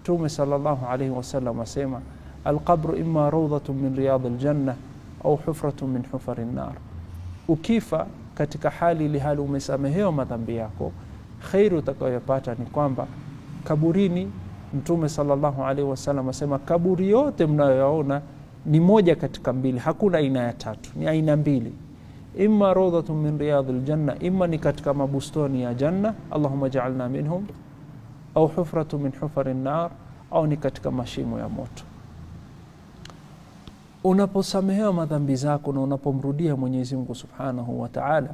Mtume sallallahu alayhi wasallam asema alqabru imma raudhatun min riyadi ljanna au hufratun min hufari nar ukifa katika hali ili hali umesamehewa madhambi yako, kheri utakayopata ni kwamba kaburini. Mtume sallallahu alaihi wasallam asema kaburi yote mnayoyaona ni moja katika mbili, hakuna aina ya tatu, ni aina mbili, imma raudhatun min riyadhi ljanna, imma ni katika mabustoni ya janna. Allahumma jaalna minhum au hufratu min hufari nar, au ni katika mashimo ya moto. Unaposamehewa madhambi zako na unapomrudia Mwenyezi Mungu Subhanahu wa Ta'ala,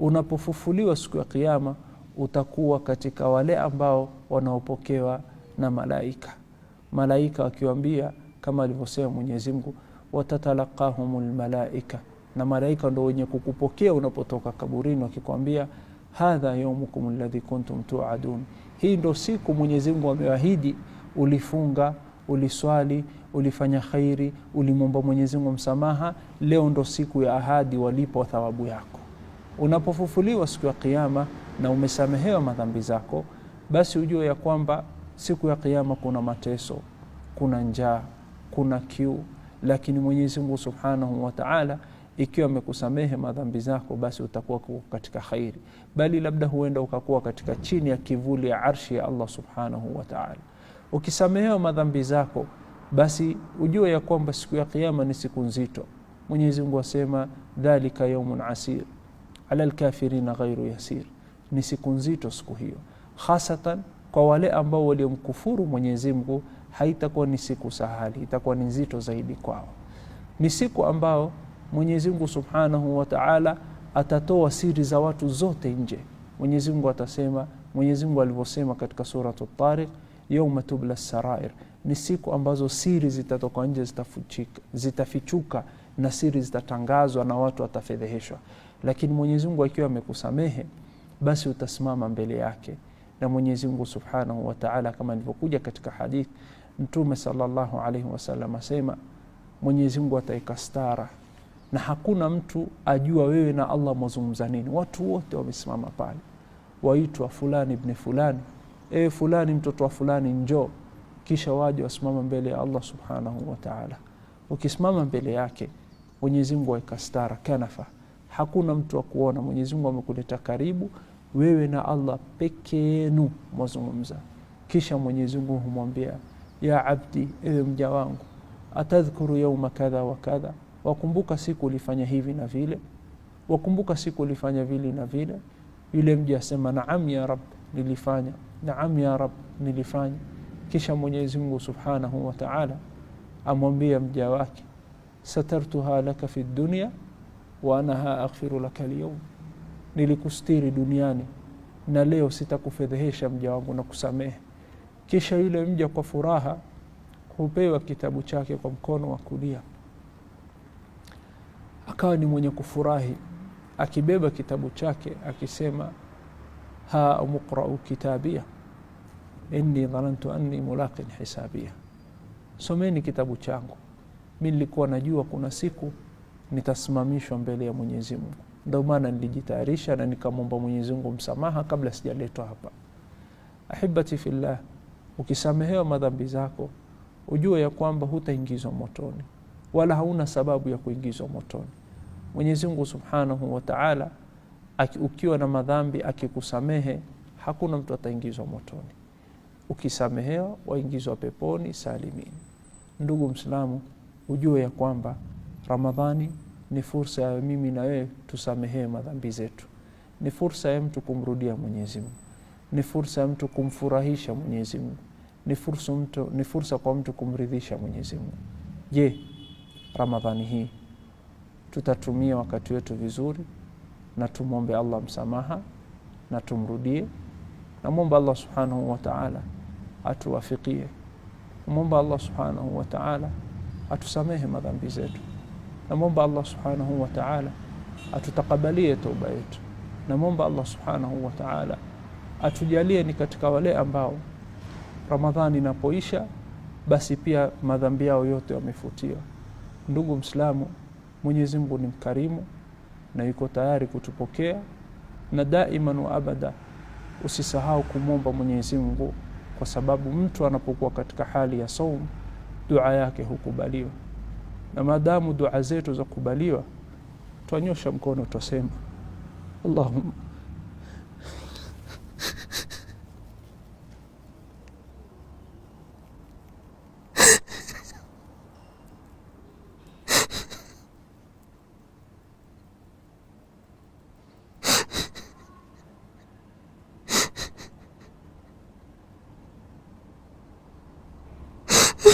unapofufuliwa siku ya kiama utakuwa katika wale ambao wanaopokewa na malaika, malaika wakiwambia kama alivyosema Mwenyezi Mungu, lmalaika na malaika ndo wenye kukupokea unapotoka kaburini wakikwambia hadha yaumukum alladhi kuntum tuadun, hii ndo siku Mwenyezi Mungu Ulifunga, uliswali, ulifanya khairi, ulimwomba Mwenyezi Mungu msamaha, leo ndo siku ya ahadi, walipo thawabu yako. Unapofufuliwa siku ya Kiyama na umesamehewa madhambi zako, basi ujue ya kwamba siku ya Kiyama kuna mateso, kuna njaa, kuna kiu, lakini Mwenyezi Mungu subhanahu wa taala ikiwa amekusamehe madhambi zako, basi utakuwa katika khairi, bali labda huenda ukakuwa katika chini ya kivuli ya arshi ya Allah subhanahu wa ta'ala. Ukisamehewa madhambi zako, basi ujue ya kwamba siku ya Kiyama ni siku nzito. Mwenyezi Mungu asema, dhalika yaumun asir ala lkafirina ghairu yasir, ni siku nzito siku hiyo, hasatan kwa wale ambao waliomkufuru Mwenyezi Mungu, haitakuwa ni siku sahali, itakuwa ni nzito zaidi kwao, ni siku ambao Mwenyezi Mungu Subhanahu wa Ta'ala atatoa siri za watu zote nje. Mwenyezi Mungu atasema, Mwenyezi Mungu alivyosema katika Surat At-Tariq, yauma tubla sarair, ni siku ambazo siri zitatoka nje, zitafichuka na siri zitatangazwa na watu watafedheheshwa. Lakini Mwenyezi Mungu akiwa amekusamehe, basi utasimama mbele yake na Mwenyezi Mungu Subhanahu wa Ta'ala, kama ilivyokuja katika hadith Mtume sallallahu alayhi wasallam asema, Mwenyezi Mungu ataikastara na hakuna mtu ajua wewe na Allah mwazungumza nini. Watu wote wamesimama pale, waitwa fulani bni fulani, ewe fulani mtoto wa fulani njoo. Kisha waje wasimama mbele ya Allah subhanahu wataala Ukisimama mbele yake Mwenyezi Mungu aweka stara kanafa, hakuna mtu wa kuona. Mwenyezi Mungu amekuleta karibu, wewe na Allah peke yenu mwazungumza. Kisha Mwenyezi Mungu humwambia ya abdi, ewe mja wangu, atadhkuru yauma kadha wa kadha wakumbuka siku ulifanya hivi na vile, wakumbuka siku ulifanya vili na vile. Yule mji asema naam ya rab, nilifanya. Naam ya rab, nilifanya. Kisha Mwenyezi Mungu subhanahu wa taala amwambia mja wake satartuha laka fi dunia wa anaha aghfiru laka lyaum, nilikustiri duniani na leo sitakufedhehesha mja wangu na kusamehe. Kisha yule mja kwa furaha hupewa kitabu chake kwa mkono wa kulia akawa ni mwenye kufurahi akibeba kitabu chake akisema, ha muqra'u kitabia inni dhanantu anni mulaqin hisabia, someni kitabu changu, mi nilikuwa najua kuna siku nitasimamishwa mbele ya Mwenyezi Mungu. maana nilijitayarisha na nikamwomba Mwenyezi Mungu msamaha kabla sijaletwa hapa. Ahibati fillah, ukisamehewa madhambi zako ujue ya kwamba hutaingizwa motoni wala hauna sababu ya kuingizwa motoni. mwenyezimngu Subhanahu wataala ukiwa na madhambi akikusamehe, hakuna mtu ataingizwa motoni. Ukisamehewa waingizwa peponi salimini. Ndugu Mslamu, ujue ya kwamba Ramadhani ni fursa ya mimi na wewe tusamehee madhambi zetu, ni fursa ya mtu kumrudia mwenyezimngu ni fursa ya mtu kumfurahisha mwenyezimngu ni fursa, ni fursa kwa mtu kumridhisha mwenyezimngu Je, Ramadhani hii tutatumia wakati wetu vizuri, na tumwombe Allah msamaha na tumrudie. Namwomba Allah subhanahu wa ta'ala atuwafikie. mwomba Allah subhanahu wa ta'ala atusamehe madhambi zetu. Namwomba Allah subhanahu wa ta'ala atutakabalie toba yetu. Namwomba Allah subhanahu wa ta'ala atujalie ni katika wale ambao Ramadhani inapoisha basi pia madhambi yao yote wamefutiwa. Ndugu Mslamu, Mwenyezi Mungu ni mkarimu na yuko tayari kutupokea, na daiman wa abada usisahau kumwomba Mwenyezi Mungu, kwa sababu mtu anapokuwa katika hali ya saum dua yake hukubaliwa, na maadamu dua zetu za kubaliwa twanyosha mkono twasema Allahumma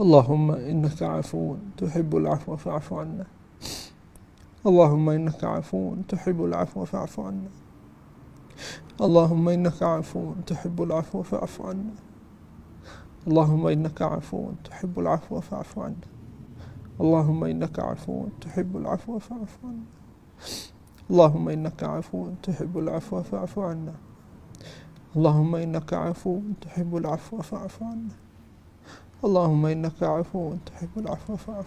اللهم إنك عفو تحب العفو فاعف عنا اللهم إنك عفو تحب العفو فاعف عنا اللهم إنك عفو تحب العفو فاعف عنا اللهم إنك عفو تحب العفو فاعف عنا اللهم إنك عفو تحب العفو فاعف عنا اللهم إنك عفو تحب العفو فاعف عنا اللهم إنك عفو تحب العفو فاعف عنا اللهم إنك عفو تحب العفو فاعف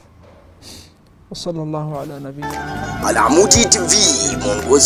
وصلى الله على نبينا على تي في